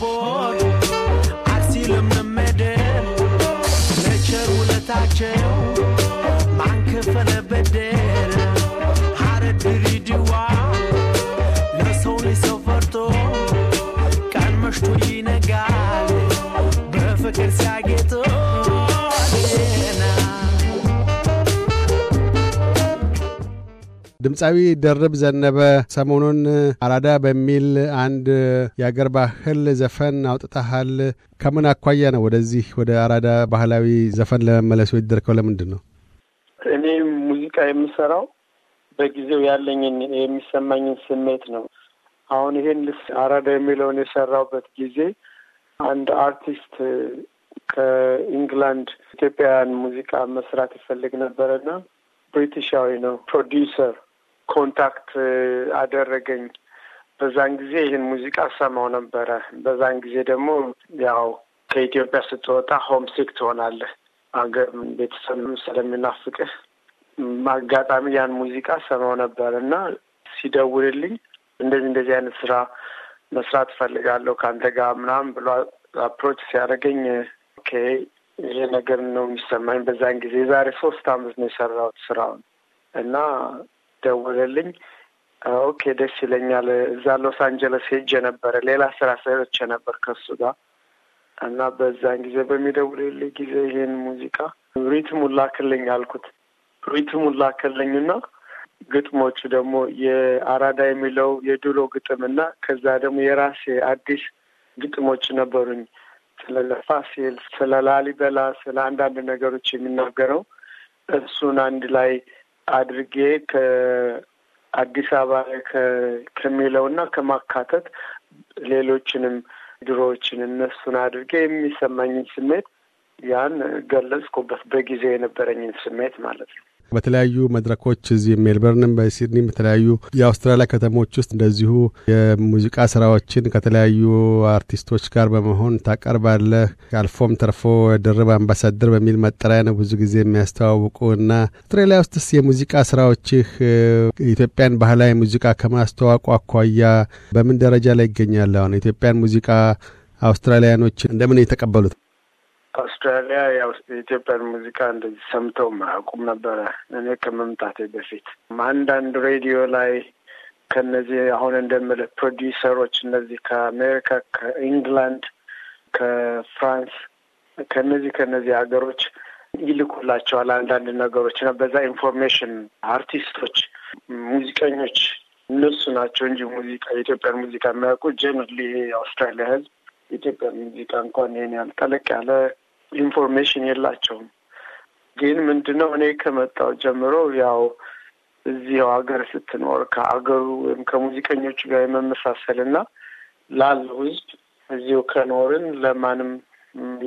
for. Oh. ድምፃዊ ደርብ ዘነበ ሰሞኑን አራዳ በሚል አንድ የአገር ባህል ዘፈን አውጥተሃል። ከምን አኳያ ነው ወደዚህ ወደ አራዳ ባህላዊ ዘፈን ለመመለሱ የደረከው? ለምንድን ነው? እኔ ሙዚቃ የምሰራው በጊዜው ያለኝን የሚሰማኝን ስሜት ነው። አሁን ይሄን ልስ አራዳ የሚለውን የሰራውበት ጊዜ አንድ አርቲስት ከኢንግላንድ ኢትዮጵያውያን ሙዚቃ መስራት ይፈልግ ነበረና ብሪቲሻዊ ነው ፕሮዲውሰር ኮንታክት አደረገኝ። በዛን ጊዜ ይህን ሙዚቃ ሰማው ነበረ። በዛን ጊዜ ደግሞ ያው ከኢትዮጵያ ስትወጣ ሆምሲክ ትሆናለህ፣ አገር ቤተሰብ ስለሚናፍቅህ። አጋጣሚ ያን ሙዚቃ ሰማው ነበር እና ሲደውልልኝ እንደዚህ እንደዚህ አይነት ስራ መስራት ፈልጋለሁ ከአንተ ጋር ምናምን ብሎ አፕሮች ሲያደርገኝ ኦኬ ይሄ ነገር ነው የሚሰማኝ። በዛን ጊዜ የዛሬ ሶስት አመት ነው የሰራሁት ስራውን እና ደወለልኝ። ኦኬ ደስ ይለኛል። እዛ ሎስ አንጀለስ ሄጄ ነበረ ሌላ ስራ ሰርቼ ነበር ከሱ ጋር እና በዛን ጊዜ በሚደውልልኝ ጊዜ ይሄን ሙዚቃ ሪትሙ ላክልኝ አልኩት። ሪትሙ ላክልኝና ግጥሞቹ ደግሞ የአራዳ የሚለው የድሮ ግጥም እና ከዛ ደግሞ የራሴ አዲስ ግጥሞች ነበሩኝ። ስለ ፋሲል፣ ስለ ላሊበላ፣ ስለ አንዳንድ ነገሮች የሚናገረው እሱን አንድ ላይ አድርጌ ከአዲስ አበባ ላይ ከሚለውና ከማካተት ሌሎችንም ድሮዎችን እነሱን አድርጌ የሚሰማኝን ስሜት ያን ገለጽኩበት። በጊዜው የነበረኝን ስሜት ማለት ነው። በተለያዩ መድረኮች እዚህ ሜልበርንም በሲድኒም በተለያዩ የአውስትራሊያ ከተሞች ውስጥ እንደዚሁ የሙዚቃ ስራዎችን ከተለያዩ አርቲስቶች ጋር በመሆን ታቀርባለህ። አልፎም ተርፎ ድርብ አምባሳደር በሚል መጠሪያ ነው ብዙ ጊዜ የሚያስተዋውቁ እና አውስትራሊያ ውስጥስ የሙዚቃ ስራዎችህ ኢትዮጵያን ባህላዊ ሙዚቃ ከማስተዋወቁ አኳያ በምን ደረጃ ላይ ይገኛል? አሁን ኢትዮጵያን ሙዚቃ አውስትራሊያኖች እንደምን የተቀበሉት? አውስትራሊያ የኢትዮጵያን ሙዚቃ እንደዚህ ሰምተው ማያውቁም ነበረ። እኔ ከመምጣቴ በፊት አንዳንድ ሬዲዮ ላይ ከነዚህ አሁን እንደምልህ ፕሮዲውሰሮች እነዚህ ከአሜሪካ፣ ከኢንግላንድ፣ ከፍራንስ ከነዚህ ከነዚህ ሀገሮች ይልኩላቸዋል አንዳንድ ነገሮች እና በዛ ኢንፎርሜሽን አርቲስቶች፣ ሙዚቀኞች እነሱ ናቸው እንጂ ሙዚቃ የኢትዮጵያን ሙዚቃ የሚያውቁ ጀነራሊ አውስትራሊያ ህዝብ ኢትዮጵያ ሙዚቃ እንኳን ይህን ያህል ጠለቅ ያለ ኢንፎርሜሽን የላቸውም። ግን ምንድነው እኔ ከመጣው ጀምሮ ያው እዚው ሀገር ስትኖር ከሀገሩ ወይም ከሙዚቀኞቹ ጋር የመመሳሰል እና ላለው ህዝብ እዚሁ ከኖርን ለማንም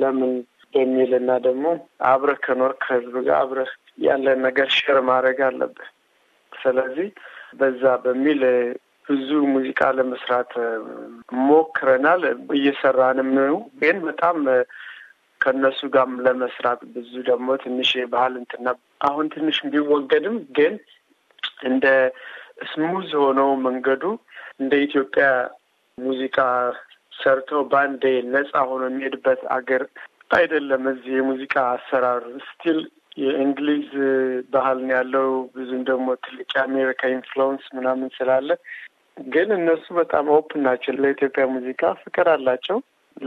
ለምን በሚል እና ደግሞ አብረህ ከኖር ከህዝብ ጋር አብረህ ያለን ነገር ሸር ማድረግ አለብህ። ስለዚህ በዛ በሚል ብዙ ሙዚቃ ለመስራት ሞክረናል፣ እየሰራንም ነው። ግን በጣም ከእነሱ ጋር ለመስራት ብዙ ደግሞ ትንሽ ባህል እንትና አሁን ትንሽ ቢወገድም ግን እንደ ስሙዝ ሆነው መንገዱ እንደ ኢትዮጵያ ሙዚቃ ሰርቶ በአንዴ ነጻ ሆኖ የሚሄድበት አገር አይደለም። እዚህ የሙዚቃ አሰራር ስቲል የእንግሊዝ ባህል ነው ያለው። ብዙም ደግሞ ትልቅ የአሜሪካ ኢንፍሉዌንስ ምናምን ስላለ ግን እነሱ በጣም ኦፕን ናቸው። ለኢትዮጵያ ሙዚቃ ፍቅር አላቸው።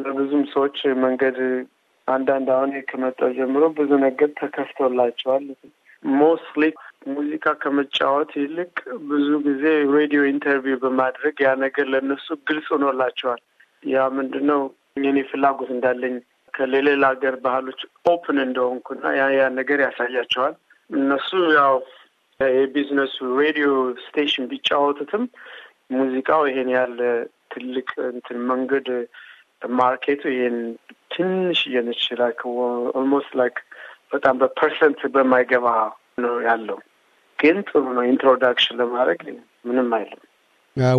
ለብዙም ሰዎች መንገድ አንዳንድ አሁን ከመጣው ጀምሮ ብዙ ነገር ተከፍቶላቸዋል። ሞስትሊ ሙዚቃ ከመጫወት ይልቅ ብዙ ጊዜ ሬዲዮ ኢንተርቪው በማድረግ ያ ነገር ለእነሱ ግልጽ ሆኖላቸዋል። ያ ምንድነው የኔ ፍላጎት እንዳለኝ ከሌላ ሀገር ባህሎች ኦፕን እንደሆንኩና ያ ያ ነገር ያሳያቸዋል። እነሱ ያው የቢዝነሱ ሬዲዮ ስቴሽን ቢጫወቱትም ሙዚቃው ይሄን ያለ ትልቅ እንትን መንገድ ማርኬቱ ይሄን ትንሽ እየነች ላይክ ኦልሞስት ላይክ በጣም በፐርሰንት በማይገባ ነው ያለው፣ ግን ጥሩ ነው። ኢንትሮዳክሽን ለማድረግ ምንም አይልም።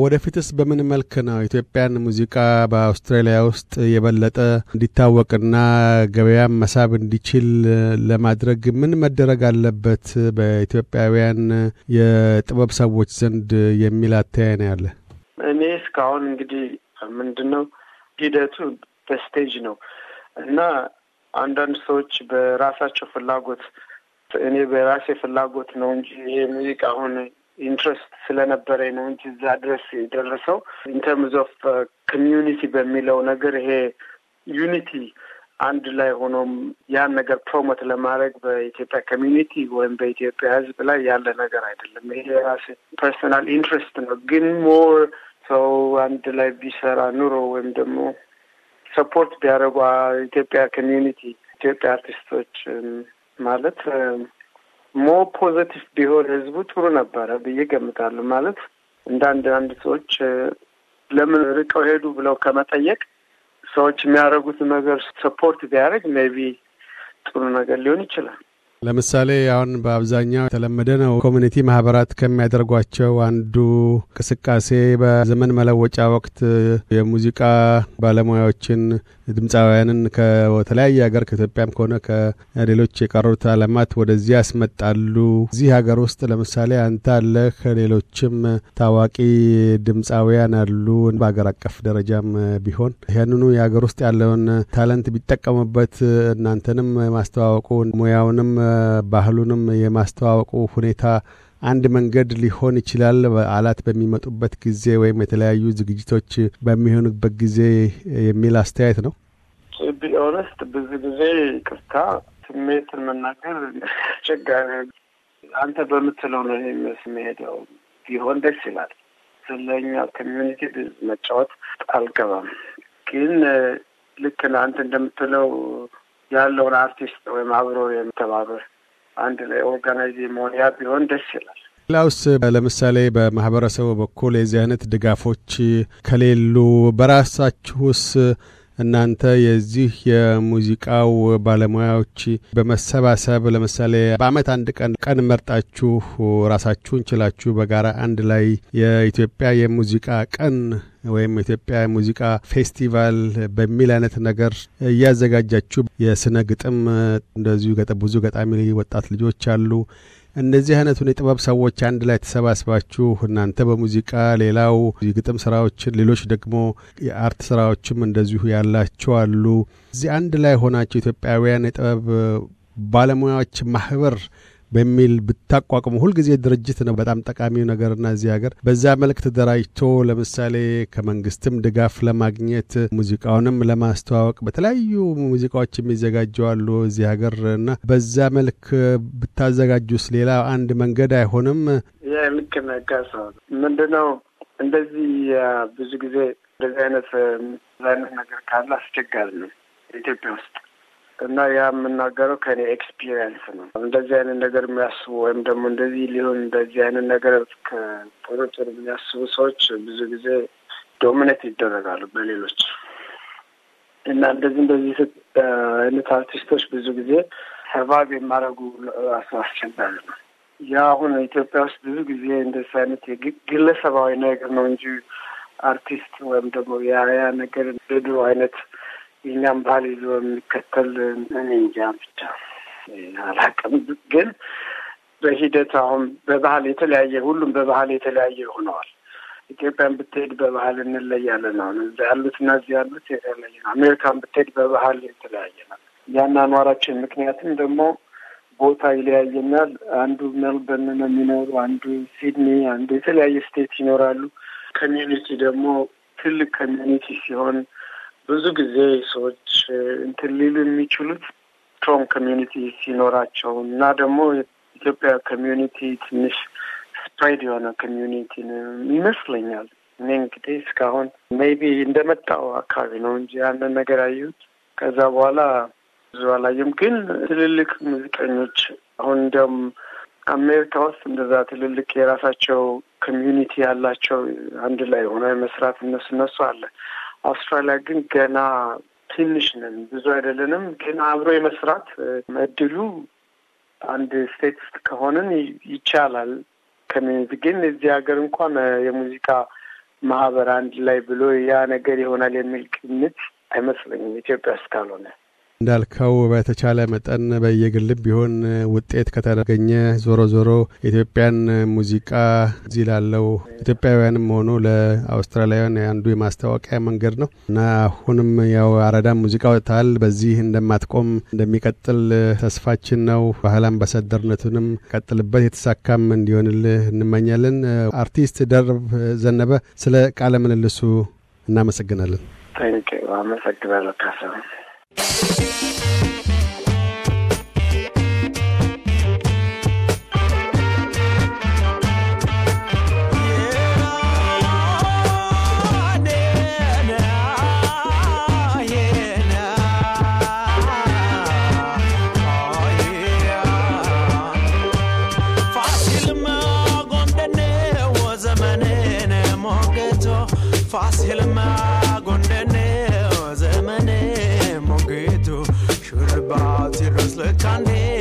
ወደፊትስ በምን መልክ ነው ኢትዮጵያን ሙዚቃ በአውስትራሊያ ውስጥ የበለጠ እንዲታወቅና ገበያ መሳብ እንዲችል ለማድረግ ምን መደረግ አለበት በኢትዮጵያውያን የጥበብ ሰዎች ዘንድ የሚል አተያይ ነው ያለ? እኔ እስካሁን እንግዲህ ምንድን ነው ሂደቱ በስቴጅ ነው እና አንዳንድ ሰዎች በራሳቸው ፍላጎት እኔ በራሴ ፍላጎት ነው እንጂ ይሄ ሙዚቃ አሁን ኢንትረስት ስለነበረ ነው እንጂ እዛ ድረስ የደረሰው ኢንተርምስ ኦፍ ኮሚዩኒቲ በሚለው ነገር ይሄ ዩኒቲ አንድ ላይ ሆኖም ያን ነገር ፕሮሞት ለማድረግ በኢትዮጵያ ኮሚዩኒቲ ወይም በኢትዮጵያ ሕዝብ ላይ ያለ ነገር አይደለም። ይሄ የራስ ፐርሰናል ኢንትረስት ነው። ግን ሞር ሰው አንድ ላይ ቢሰራ ኑሮ ወይም ደግሞ ሰፖርት ቢያደርጉ uh, ኢትዮጵያ ኮሚኒቲ ኢትዮጵያ አርቲስቶች ማለት um, ሞ ፖዘቲቭ ቢሆን ህዝቡ ጥሩ ነበረ ብዬ ገምታለሁ። ማለት እንደ አንዳንድ ሰዎች ለምን ርቀው ሄዱ ብለው ከመጠየቅ ሰዎች የሚያደርጉት ነገር ሰፖርት ቢያደርግ ሜይ ቢ ጥሩ ነገር ሊሆን ይችላል። ለምሳሌ አሁን በአብዛኛው የተለመደ ነው። ኮሚኒቲ ማህበራት ከሚያደርጓቸው አንዱ እንቅስቃሴ በዘመን መለወጫ ወቅት የሙዚቃ ባለሙያዎችን ድምፃውያንን ከተለያየ ሀገር ከኢትዮጵያም ከሆነ ከሌሎች የቀሩት አለማት ወደዚህ ያስመጣሉ። እዚህ ሀገር ውስጥ ለምሳሌ አንተ አለህ፣ ከሌሎችም ታዋቂ ድምፃውያን አሉ። በሀገር አቀፍ ደረጃም ቢሆን ይህንኑ የሀገር ውስጥ ያለውን ታለንት ቢጠቀሙበት እናንተንም ማስተዋወቁ ሙያውንም ባህሉንም የማስተዋወቁ ሁኔታ አንድ መንገድ ሊሆን ይችላል። በዓላት በሚመጡበት ጊዜ ወይም የተለያዩ ዝግጅቶች በሚሆኑበት ጊዜ የሚል አስተያየት ነው። ቢኦነስት ብዙ ጊዜ ቅርታ ስሜትን መናገር አስቸጋሪ፣ አንተ በምትለው ነው የሚሄደው ቢሆን ደስ ይላል። ስለኛ ኮሚኒቲ መጫወት አልገባም፣ ግን ልክ አንተ እንደምትለው ያለውን አርቲስት ወይም አብሮ የሚተባበር አንድ ላይ ኦርጋናይዝ መሆን ያ ቢሆን ደስ ይላል። ሌላውስ ለምሳሌ በማህበረሰቡ በኩል የዚህ አይነት ድጋፎች ከሌሉ በራሳችሁስ እናንተ የዚህ የሙዚቃው ባለሙያዎች በመሰባሰብ ለምሳሌ በአመት አንድ ቀን ቀን መርጣችሁ ራሳችሁን ችላችሁ በጋራ አንድ ላይ የኢትዮጵያ የሙዚቃ ቀን ወይም ኢትዮጵያ ሙዚቃ ፌስቲቫል በሚል አይነት ነገር እያዘጋጃችሁ የስነ ግጥም እንደዚሁ ብዙ ገጣሚ ወጣት ልጆች አሉ እንደዚህ አይነቱን የጥበብ ሰዎች አንድ ላይ ተሰባስባችሁ እናንተ በሙዚቃ ሌላው የግጥም ስራዎችን፣ ሌሎች ደግሞ የአርት ስራዎችም እንደዚሁ ያላችሁ አሉ። እዚህ አንድ ላይ ሆናችሁ ኢትዮጵያውያን የጥበብ ባለሙያዎች ማህበር በሚል ብታቋቁሙ ሁልጊዜ ድርጅት ነው በጣም ጠቃሚው ነገርና እዚህ ሀገር በዛ መልክ ተደራጅቶ ለምሳሌ ከመንግስትም ድጋፍ ለማግኘት ሙዚቃውንም ለማስተዋወቅ በተለያዩ ሙዚቃዎች የሚዘጋጁ አሉ እዚህ ሀገር እና በዛ መልክ ብታዘጋጁስ ሌላ አንድ መንገድ አይሆንም? ልክ ነጋሳ ምንድነው እንደዚህ ብዙ ጊዜ እንደዚህ አይነት አይነት ነገር ካለ አስቸጋሪ ነው ኢትዮጵያ ውስጥ እና ያ የምናገረው ከኔ ኤክስፒሪየንስ ነው። እንደዚህ አይነት ነገር የሚያስቡ ወይም ደግሞ እንደዚህ ሊሆን እንደዚህ አይነት ነገር ጥሩ ጥሩ የሚያስቡ ሰዎች ብዙ ጊዜ ዶሚኔት ይደረጋሉ በሌሎች እና እንደዚህ እንደዚህ አይነት አርቲስቶች ብዙ ጊዜ ሰርቫይቭ የማድረጉ አስቸጋሪ ነው። ያ አሁን ኢትዮጵያ ውስጥ ብዙ ጊዜ እንደዚህ አይነት ግለሰባዊ ነገር ነው እንጂ አርቲስት ወይም ደግሞ ያ ያ ነገር በድሮ አይነት የኛም ባህል ይዞ የሚከተል እኔ እንጃ ብቻ አላውቅም። ግን በሂደት አሁን በባህል የተለያየ ሁሉም በባህል የተለያየ ሆነዋል። ኢትዮጵያን ብትሄድ በባህል እንለያለን። አሁን እዚ ያሉት እና እዚህ ያሉት የተለያየ ነው። አሜሪካን ብትሄድ በባህል የተለያየ ነው። የአኗኗራችን ምክንያትም ደግሞ ቦታ ይለያየናል። አንዱ ሜልበርን ነው የሚኖሩ፣ አንዱ ሲድኒ፣ አንዱ የተለያየ ስቴት ይኖራሉ። ኮሚዩኒቲ ደግሞ ትልቅ ኮሚዩኒቲ ሲሆን ብዙ ጊዜ ሰዎች እንትን ሊሉ የሚችሉት ስትሮንግ ኮሚዩኒቲ ሲኖራቸው እና ደግሞ ኢትዮጵያ ኮሚዩኒቲ ትንሽ ስፕሬድ የሆነ ኮሚዩኒቲ ይመስለኛል። እኔ እንግዲህ እስካሁን ሜይቢ እንደመጣው አካባቢ ነው እንጂ ያንን ነገር አየሁት። ከዛ በኋላ ብዙ አላየም። ግን ትልልቅ ሙዚቀኞች አሁን እንዲያውም አሜሪካ ውስጥ እንደዛ ትልልቅ የራሳቸው ኮሚዩኒቲ ያላቸው አንድ ላይ ሆነ መስራት እነሱ እነሱ አለ አውስትራሊያ ግን ገና ትንሽ ነን፣ ብዙ አይደለንም። ግን አብሮ የመስራት እድሉ አንድ ስቴት ውስጥ ከሆንን ይቻላል። ከሚኒት ግን እዚህ ሀገር እንኳን የሙዚቃ ማህበር አንድ ላይ ብሎ ያ ነገር ይሆናል የሚል ግምት አይመስለኝም ኢትዮጵያ እስካልሆነ እንዳልከው በተቻለ መጠን በየግልም ቢሆን ውጤት ከተገኘ ዞሮ ዞሮ የኢትዮጵያን ሙዚቃ እዚህ ላለው ኢትዮጵያውያንም ሆኑ ለአውስትራሊያውያን አንዱ የማስታወቂያ መንገድ ነው እና አሁንም ያው አራዳም ሙዚቃ ወጥታል። በዚህ እንደማትቆም እንደሚቀጥል ተስፋችን ነው። ባህል አምባሳደርነቱንም ቀጥልበት፣ የተሳካም እንዲሆንልህ እንመኛለን። አርቲስት ደርብ ዘነበ ስለ ቃለ ምልልሱ እናመሰግናለን። አመሰግናለሁ ካሳ Thank you. look on his